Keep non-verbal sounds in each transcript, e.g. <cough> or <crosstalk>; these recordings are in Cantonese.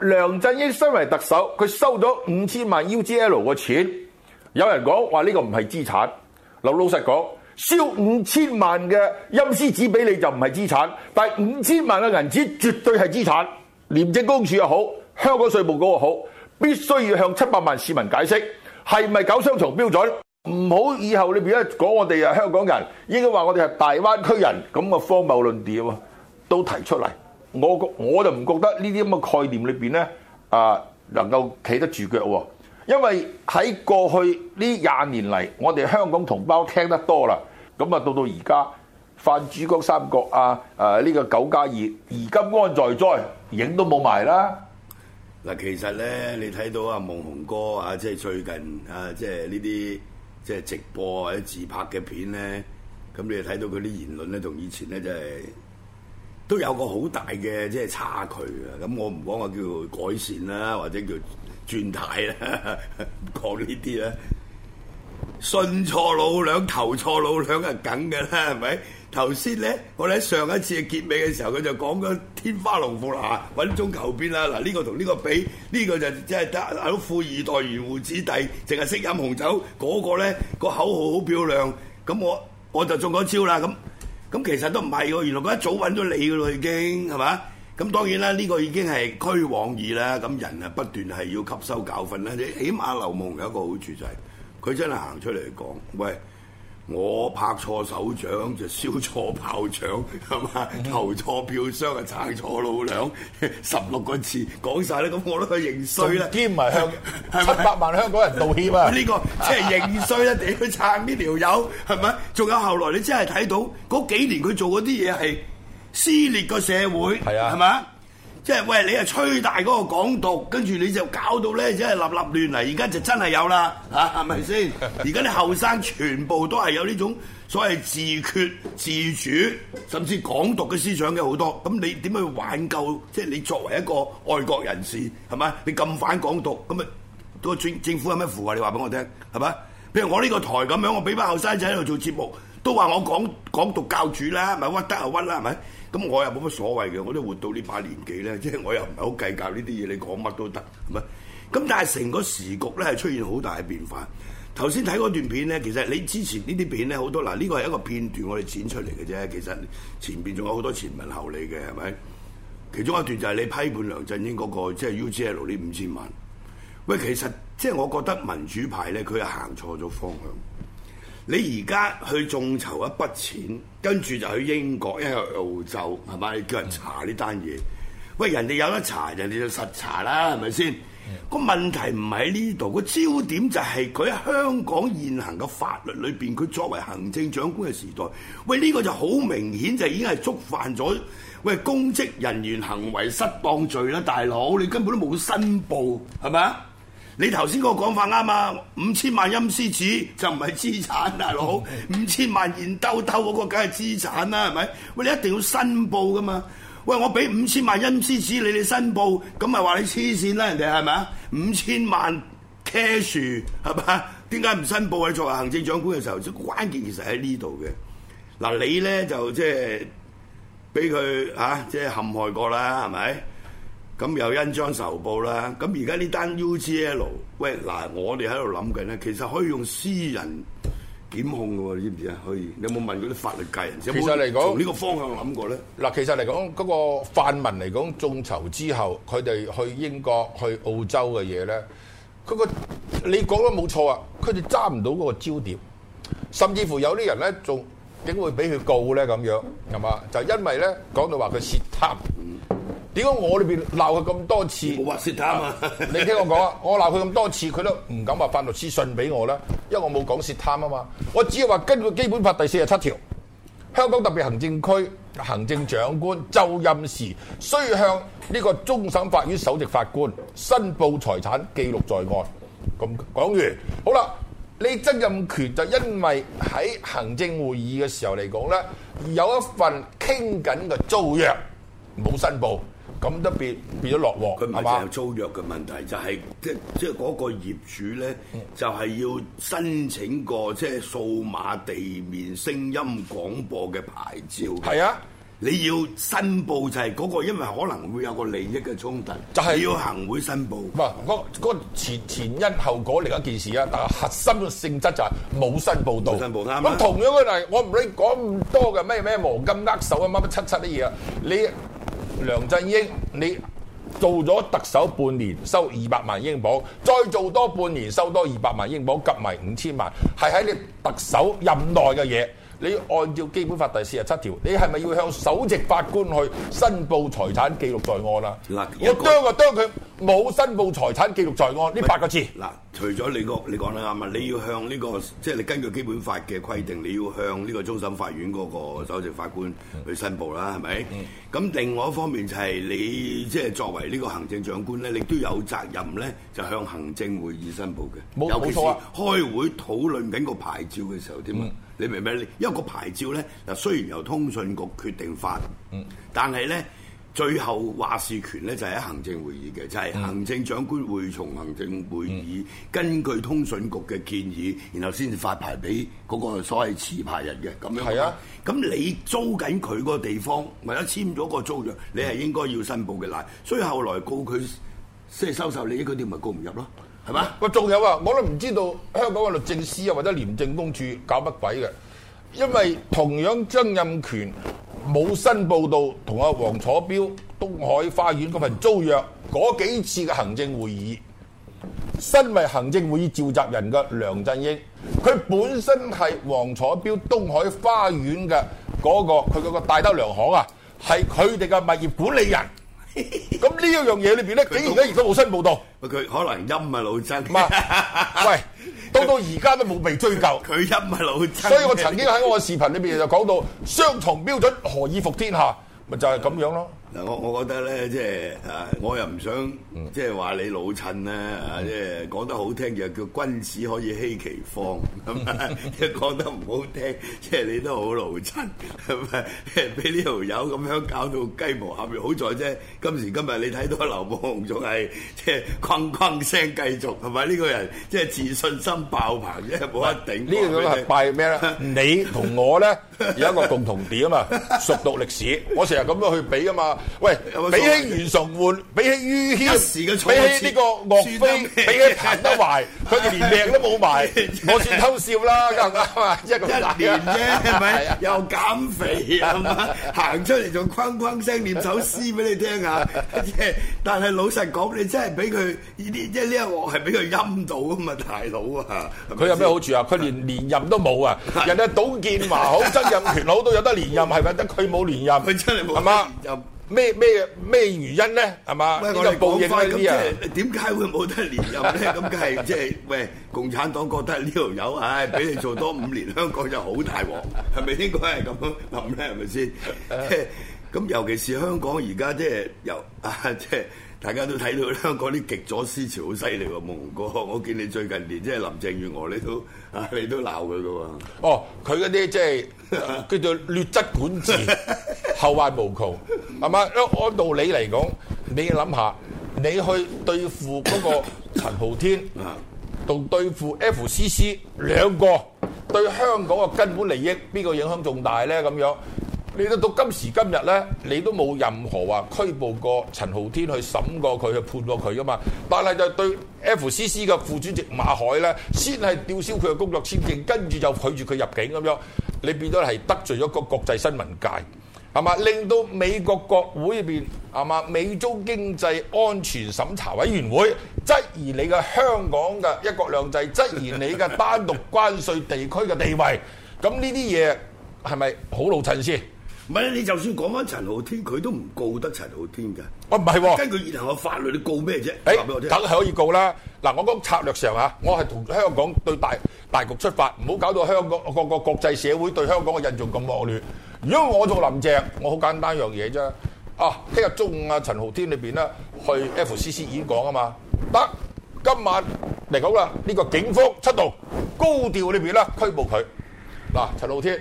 梁振英身為特首，佢收咗五千萬 UGL 嘅錢，有人講話呢個唔係資產。嗱，老實講，燒五千萬嘅陰司紙俾你就唔係資產，但係五千萬嘅銀紙絕對係資產。廉政公署又好，香港稅務局又好，必須要向七百萬市民解釋係咪搞雙重標準。唔好以後你邊一講我哋係、啊、香港人，應該話我哋係大灣區人，咁嘅荒謬論調，都提出嚟。我我就唔覺得呢啲咁嘅概念裏邊呢，啊能夠企得住腳喎、啊，因為喺過去呢廿年嚟，我哋香港同胞聽得多啦，咁、嗯、啊到到而家泛珠江三角啊，誒、啊、呢、呢個《九加二》，而今安在哉，影都冇埋啦。嗱，其實呢，你睇到阿夢熊哥啊，即、就、係、是、最近啊，即係呢啲即係直播或者自拍嘅片呢。咁你睇到佢啲言論呢，同以前呢，就係、是。都有個好大嘅即係差距啊！咁我唔講話叫改善啦，或者叫轉態啦，唔講呢啲啦。信錯老兩投錯老兩梗嘅啦，係咪？頭先咧，我哋喺上一次嘅結尾嘅時候，佢就講咗天花龍鳳啊，穩中求變啊！嗱，呢個同呢個比，呢、呢個就即係得富二代紈絝子弟，淨係識飲紅酒，嗰、嗰個咧、個口號好漂亮。咁我我就中咗招啦咁。咁其實都唔係喎，原來佢一早揾到你噶咯，已經係嘛？咁當然啦，呢個已經係屈往矣啦。咁人啊不斷係要吸收教訓啦。你起碼劉夢有一個好處就係佢真係行出嚟講，喂。我拍錯手掌就燒錯炮仗，係嘛？投錯票箱啊，撐錯老娘。十六個字講晒，咧，咁我都去認衰啦。兼埋向，七百萬香港人道歉啊！呢 <laughs> <laughs> 個即係認衰啦，點去撐呢條友？係咪？仲有後來你真係睇到嗰幾年佢做嗰啲嘢係撕裂個社會，係、嗯、啊，係咪？即係喂，你係吹大嗰個港獨，跟住你就搞到咧，即係立立亂嚟。而家就真係有啦，嚇係咪先？而家啲後生全部都係有呢種所謂自決、自主，甚至港獨嘅思想嘅好多。咁你點去挽救？即係你作為一個愛國人士，係咪？你咁反港獨，咁啊，個政政府有咩符啊？你話俾我聽，係咪？譬如我呢個台咁樣，我俾班後生仔喺度做節目。都話我講講獨教主啦，咪屈得就屈啦，係咪？咁我又冇乜所謂嘅，我都活到呢把年紀咧，即 <laughs> 係我又唔係好計較呢啲嘢，你講乜都得，係咪？咁但係成個時局咧係出現好大嘅變化。頭先睇嗰段片咧，其實你之前呢啲片咧好多嗱，呢個係一個片段，我哋剪出嚟嘅啫。其實前邊仲有好多前文後理嘅，係咪？其中一段就係你批判梁振英嗰、嗰個即係 UGL 呢五千萬。喂，其實即係、即係、我覺得民主派咧，佢係行錯咗方向。你而家去眾籌一筆錢，跟住就去英國，一去澳洲係咪？你叫人查呢單嘢？喂，人哋有得查，人哋就實查啦，係咪先？個是的 問題唔喺呢度，個焦點就係佢喺香港現行嘅法律裏邊，佢作為行政長官嘅時代，喂，呢個就好明顯就已經係觸犯咗喂，公職人員行為失當罪啦，大佬你根本都冇申報係咪啊？你頭先個講法啱嘛？五千萬陰司紙就唔係資產大佬。 <laughs> 五千萬現兜兜嗰個梗係資產啦，係咪？喂，你一定要申報噶嘛？喂，我俾五千萬陰司紙你哋申報，咁咪話你黐線啦，人哋係咪啊？五千萬 cash 係咪？點解唔申報啊？作為行政長官嘅時候，即關鍵其實喺呢度嘅。嗱、啊，你咧就即係俾佢嚇，即係、啊、陷害過啦，係咪？咁又恩將仇報啦！咁而家呢單 UGL，喂嗱，我哋喺度諗緊咧，其實可以用私人檢控嘅喎，你知唔知啊？可以你有冇問過嗰啲法律界人？其實嚟講，從呢個方向諗過咧。嗱，其實嚟講嗰個泛民嚟講，眾籌之後，佢哋去英國、去澳洲嘅嘢咧，佢個你講得冇錯啊！佢哋揸唔到嗰個焦點，甚至乎有啲人咧，仲點會俾佢告咧？咁樣係嘛？就因為咧，講到話佢涉貪。嗯點解我呢邊鬧佢咁多次？冇話涉貪啊！你聽我講啊， <laughs> 我鬧佢咁多次，佢都唔敢話發律師信俾我啦，因為我冇講涉貪啊嘛。我只係話根據基本法第四十七條，香港特別行政區行政長官就任時，需向呢個終審法院首席法官申報財產，記錄在案。咁講完，好啦，你責任權就因為喺行政會議嘅時候嚟講咧，有一份傾緊嘅租約冇申報。咁都變變咗落鑊，佢唔係淨係租約嘅問題，就係即即嗰個業主咧，就係要申請個即係數碼地面聲音廣播嘅牌照。係啊，你要申報就係嗰個，因為可能會有個利益嘅衝突，就係要行會申報。唔係嗰前前因後果另一件事啊，但係核心嘅性質就係冇申報到。申報啱。咁同樣嘅嚟，我唔理講咁多嘅咩咩黃金握手啊，乜乜七七啲嘢啊，你。梁振英，你做咗特首半年收二百萬英鎊，再做多半年收多二百萬英鎊及埋五千萬，係喺你特首任內嘅嘢，你按照基本法第四十七條，你係咪要向首席法官去申報財產記錄在案啊？我當啊當佢。冇申報財產記錄在案呢是八個字。嗱，除咗你個你講得啱啊，你要向呢、這個即係、就是、你根據基本法嘅規定，你要向呢個終審法院嗰個首席法官去申報啦，係咪？咁另外一方面就係你即係、就是、作為呢個行政長官咧，你都有責任咧，就向行政會議申報嘅。冇冇錯啊！開會討論緊個牌照嘅時候點啊？你明唔明？因為個牌照咧嗱，雖然由通訊局決定發、嗯，但係咧。最後話事權咧就喺行政會議嘅，就係、是、行政長官會從行政會議、嗯、根據通訊局嘅建議，然後先發牌俾嗰個所謂持牌人嘅咁樣。係啊，咁你租緊佢嗰個地方，或者籤咗個租約，你係應該要申報嘅。嗱，所以後來告佢即收收受利益，收收收收收收收收收收收收收收收收收收收收收收收收收收收收收收收收收收收收收收收收收收冇申報同阿黃楚標東海花園嗰份租約，嗰幾次嘅行政會議，身為行政會議召集人嘅梁振英，佢本身係黃楚標東海花園嘅嗰個佢嗰個戴德梁行啊，係佢哋嘅物業管理人。咁呢一樣嘢裏邊咧，竟然而家亦都冇申報。佢 <laughs> 可能陰啊老真。 <laughs> 喂。到而家都冇被追究，佢又唔係老，所以我曾經喺我個視頻裏邊就講到雙重標準，何以服天下，咪就係、是、咁樣咯。嗱，我我覺得咧，即係啊，我又唔想即係話你老襯咧，啊即係講得好聽，就叫君子可以欺其方，咁即係講得唔好聽，即係你都好老襯，係咪？俾呢條友咁樣搞到雞毛鴨血，好在啫。今時今日你睇到劉步仲係即係轟轟聲繼續，係咪？呢、呢個人即係自信心爆棚啫，冇一定。是呢個係拜咩咧？ <laughs> 你同我咧有一個共同點啊，熟讀歷史， <laughs> 我成日咁樣去比啊嘛。喂，比起袁崇煥，比起于謙，比起呢個岳飛，比起彭德懷，佢連命都冇埋，我算偷笑啦，啱唔啱啊？一一年啫，係咪？又減肥，係嘛？行出嚟仲框框聲念首詩俾你聽啊！但係老實講，你真係俾佢呢啲，即係呢一鑊係俾佢陰到噶嘛，大佬啊！佢有咩好處啊？佢連連任都冇啊！人哋董建華好，曾蔭權好，都有得連任，係咪得？佢冇連任，佢真係冇，係嘛？咩咩咩原因咧？係嘛喂？我哋報應啦！咁即點解會冇得連任咧？咁梗係即係喂，共產黨覺得呢條友唉，俾、哎、你做多五年，香港就好大鑊，係咪應該係咁諗咧？係咪先？咁、 <laughs> 嗯、尤其是香港而家即係又啊，即、就、係、是、大家都睇到香港啲極左思潮好犀利喎，夢哥，我見你最近連即係林鄭月娥你都啊，你都鬧佢嘅喎。哦，佢嗰啲即係叫做劣質管治。 <laughs> 後患無窮，係咪？因為按道理嚟講，你要諗下，你去對付嗰個陳浩天，同對付 F.C.C. 兩個對香港嘅根本利益，邊個影響重大咧？咁樣你睇到今時今日咧，你都冇任何話拘捕過陳浩天，去審過佢，去判過佢噶嘛？但係就對 F.C.C. 嘅副主席馬海咧，先係吊銷佢嘅工作簽證，跟住就拒絕佢入境咁樣，你變咗係得罪咗個國際新聞界。係嘛？令到美國國會入邊係嘛？美中經濟安全審查委員會質疑你嘅香港嘅一國兩制，質疑你嘅單獨關稅地區嘅地位。咁呢啲嘢係咪好老襯先？唔係，你就算講翻陳浩天，佢都唔告得陳浩天㗎。我唔係根據現行嘅法律，你告咩啫？誒、欸，梗係可以告啦。嗱，我講策略上候啊，我係同香港對大大局出發，唔好搞到香港個個國際社會對香港嘅印象咁惡劣。如果我做林鄭，我好簡單一樣嘢啫。啊，聽日中午阿陳浩天裏邊咧，去 FCC 演講啊嘛，得。今晚嚟講啦，呢個警方出動，高調裏邊咧拘捕佢。嗱、啊，陳浩天，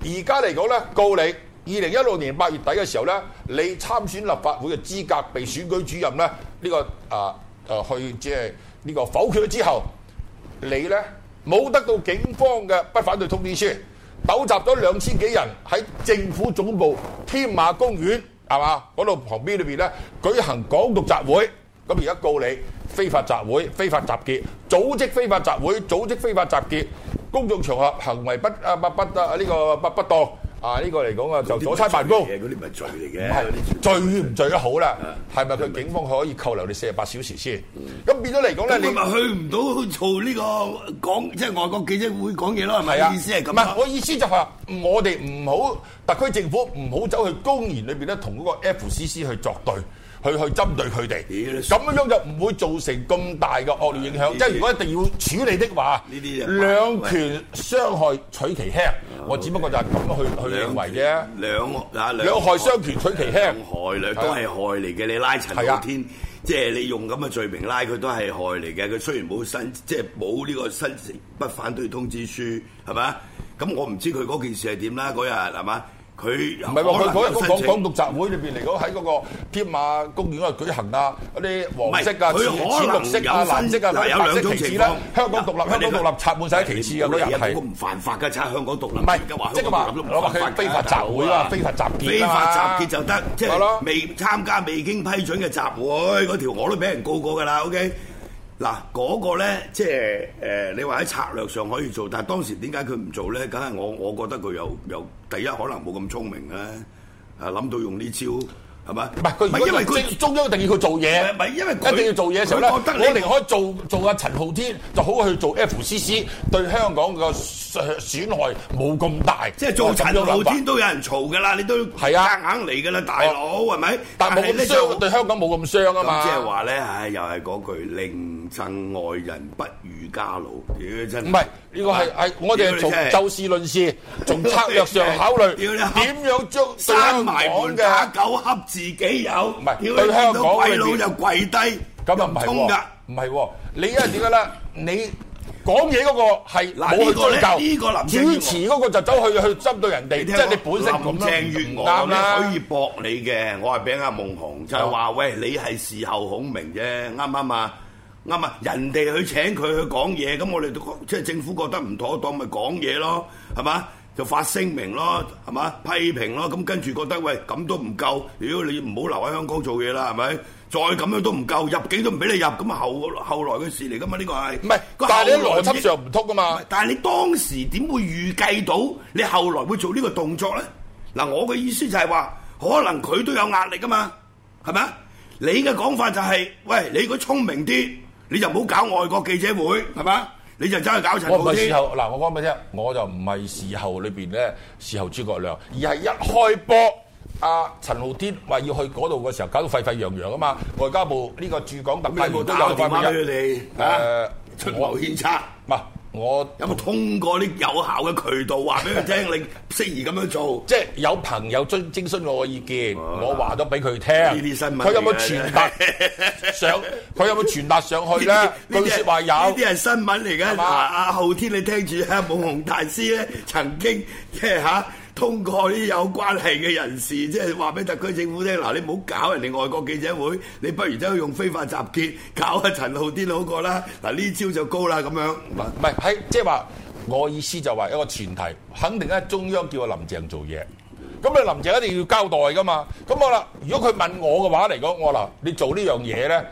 而家嚟講咧告你，二零一六年八月底嘅時候咧，你參選立法會嘅資格被選舉主任咧呢個啊誒、呃、去即係呢個否決咗之後，你咧冇得到警方嘅不反對通知書，蒐集咗兩千幾人，喺政府總部天馬公園，係嘛，嗰度旁邊裏邊呢，舉行港獨集會。咁而家告你非法集會、非法集結、組織非法集會、組織非法集結、公眾場合行為不啊不不啊呢、呢個不不當。不不啊！呢個嚟講啊，就阻差辦公。嗰啲唔係罪嚟嘅，罪唔罪得好啦？係咪佢警方可以扣留你四十八小時先？咁變咗嚟講咧，你咪去唔到做呢個講，即係外國記者會講嘢咯？係咪？意思係咁啊？我意思就話，我哋唔好特區政府唔好走去公然裏邊咧，同嗰個 FCC 去作對，去去針對佢哋。咁樣就唔會造成咁大嘅惡劣影響。即係如果一定要處理的話，兩權傷害取其輕。我只不過就係咁樣去去認為啫，兩,兩啊兩害相權取其輕，兩害兩、啊、都係害嚟嘅。你拉陳浩天，即係是、啊、你用咁嘅罪名拉佢都係害嚟嘅。佢雖然冇申，即係冇呢個申請不反對通知書，係嘛？咁我唔知佢嗰件事係點啦，嗰日係嘛？佢唔係喎，佢日講講港獨集會裏邊嚟講喺嗰個添馬公園度舉行啊，嗰啲黃色啊、淺綠色啊、藍色啊、兩種旗幟啦，香港獨立香港獨立插滿晒啲旗幟嘅，嗰啲嘢咁唔犯法嘅，插香港獨立唔係即係話非法集會啊，非法集結，非法集結就得，即係未參加未經批准嘅集會嗰條我都俾人告過㗎啦，OK。嗱，嗰個咧，即係誒你話喺策略上可以做，但係當時點解佢唔做咧？梗係我我覺得佢又有，第一可能冇咁聰明啦，啊諗到用呢招係咪？唔係佢，唔係因為佢中央一定要佢做嘢，唔係因為一定要做嘢嘅時候咧，我寧可做做阿陳浩天，就好過去做 FCC，對香港個損害冇咁大。即係做陳浩天都有人嘈㗎啦，你都係啊硬嚟㗎啦，大佬係咪？但冇咁傷，對香港冇咁傷啊嘛。即係話咧，唉，又係嗰句拎。憎外人不如家老，屌真！唔係呢個係係我哋從就事論事，從策略上考慮，點樣捉生埋門打狗恰自己有，屌你！對香港嘅賊又跪低，咁又唔通㗎？唔係喎，你而家點解咧？你講嘢嗰個係，呢個你林鄭主持嗰個就走去去針對人哋，即係你本身咁樣。林鄭月娥，我，咁啦，可以駁你嘅，我係畀阿夢熊就係話喂，你係事後孔明啫，啱唔啱啊？啱啊！人哋去請佢去講嘢，咁我哋都，即係政府覺得唔妥當，咪講嘢咯，係嘛？就發聲明咯，係嘛？批評咯，咁跟住覺得喂，咁都唔夠，屌、呃、你唔好留喺香港做嘢啦，係咪？再咁樣都唔夠，入境都唔俾你入，咁後後來嘅事嚟噶嘛？呢、這個係唔係？但係你邏輯上唔通噶嘛？但係你當時點會預計到你後來會做呢個動作咧？嗱、啊，我嘅意思就係話，可能佢都有壓力噶嘛，係咪你嘅講法就係、是，喂，你如果聰明啲。你就唔好搞外國記者會，係嘛？你就走去搞陳浩天。我唔係事後，嗱，我講俾你聽，我就唔係事後裏邊咧，事後諸葛亮，而係一開波，阿、啊、陳浩天話要去嗰度嘅時候，搞到沸沸揚揚啊嘛！外交部呢、這個駐港特派員打電話俾佢哋，誒、啊，出謀獻策。我有冇通過啲有效嘅渠道話俾佢聽？ <laughs> 你適宜咁樣做，即係有朋友追徵，徵詢我嘅意見，啊、我話咗俾佢聽。呢啲新聞佢有冇傳達是上？佢 <laughs> 有冇傳達上去咧？句説話有。呢啲係新聞嚟嘅。阿阿浩天，你聽住啊，武雄大師咧曾經即係嚇。啊通過啲有關係嘅人士，即係話俾特區政府聽，嗱，你唔好搞人哋外國記者會，你不如走去用非法集結搞阿陳浩天好過啦。嗱呢招就高啦咁樣，唔係喺即係話我意思就話一個前提，肯定咧中央叫阿林鄭做嘢，咁你林鄭一定要交代噶嘛。咁我啦，如果佢問我嘅話嚟講，我話嗱，你做呢樣嘢咧，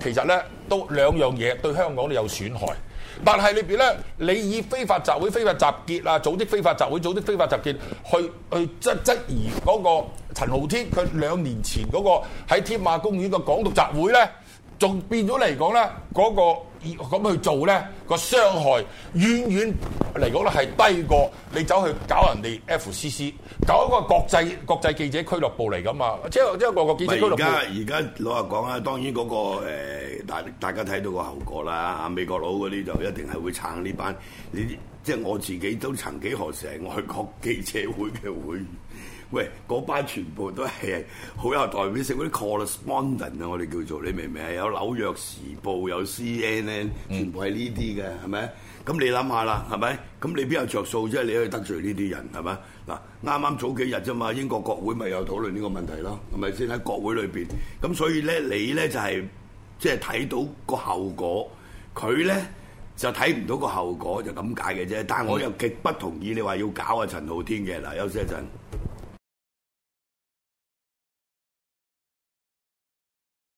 其實咧都兩樣嘢對香港都有損害。但係裏邊咧，你以非法集會、非法集結啊，組織非法集會、組織非法集結，去去質質疑嗰個陳浩天，佢兩年前嗰個喺天馬公園嘅港獨集會咧，仲變咗嚟講咧，嗰個咁去做咧，個傷害遠遠嚟講咧係低過你走去搞人哋 FCC，搞一個國際國際記者俱樂部嚟㗎嘛，即係即係個個記者俱樂部。而家而家老實講啊，當然嗰個、欸大大家睇到個後果啦！美國佬嗰啲就一定係會撐呢班呢啲，即係、就是、我自己都曾幾何時係外國記者會嘅會員。喂，嗰班全部都係好有代表性嗰啲 correspondent 啊，我哋叫做你明唔明？有紐約時報，有 CNN，全部係、嗯、呢啲嘅，係咪？咁你諗下啦，係咪？咁你邊有着數啫？你可以得罪呢啲人係咪？嗱，啱啱早幾日啫嘛，英國國會咪有討論呢個問題咯，係咪先喺國會裏邊咁？所以咧，你咧就係、是。即係睇到個後果，佢咧就睇唔到個後果就咁解嘅啫。但係我又極不同意你話要搞阿陳浩天嘅，嗱，休息一陣。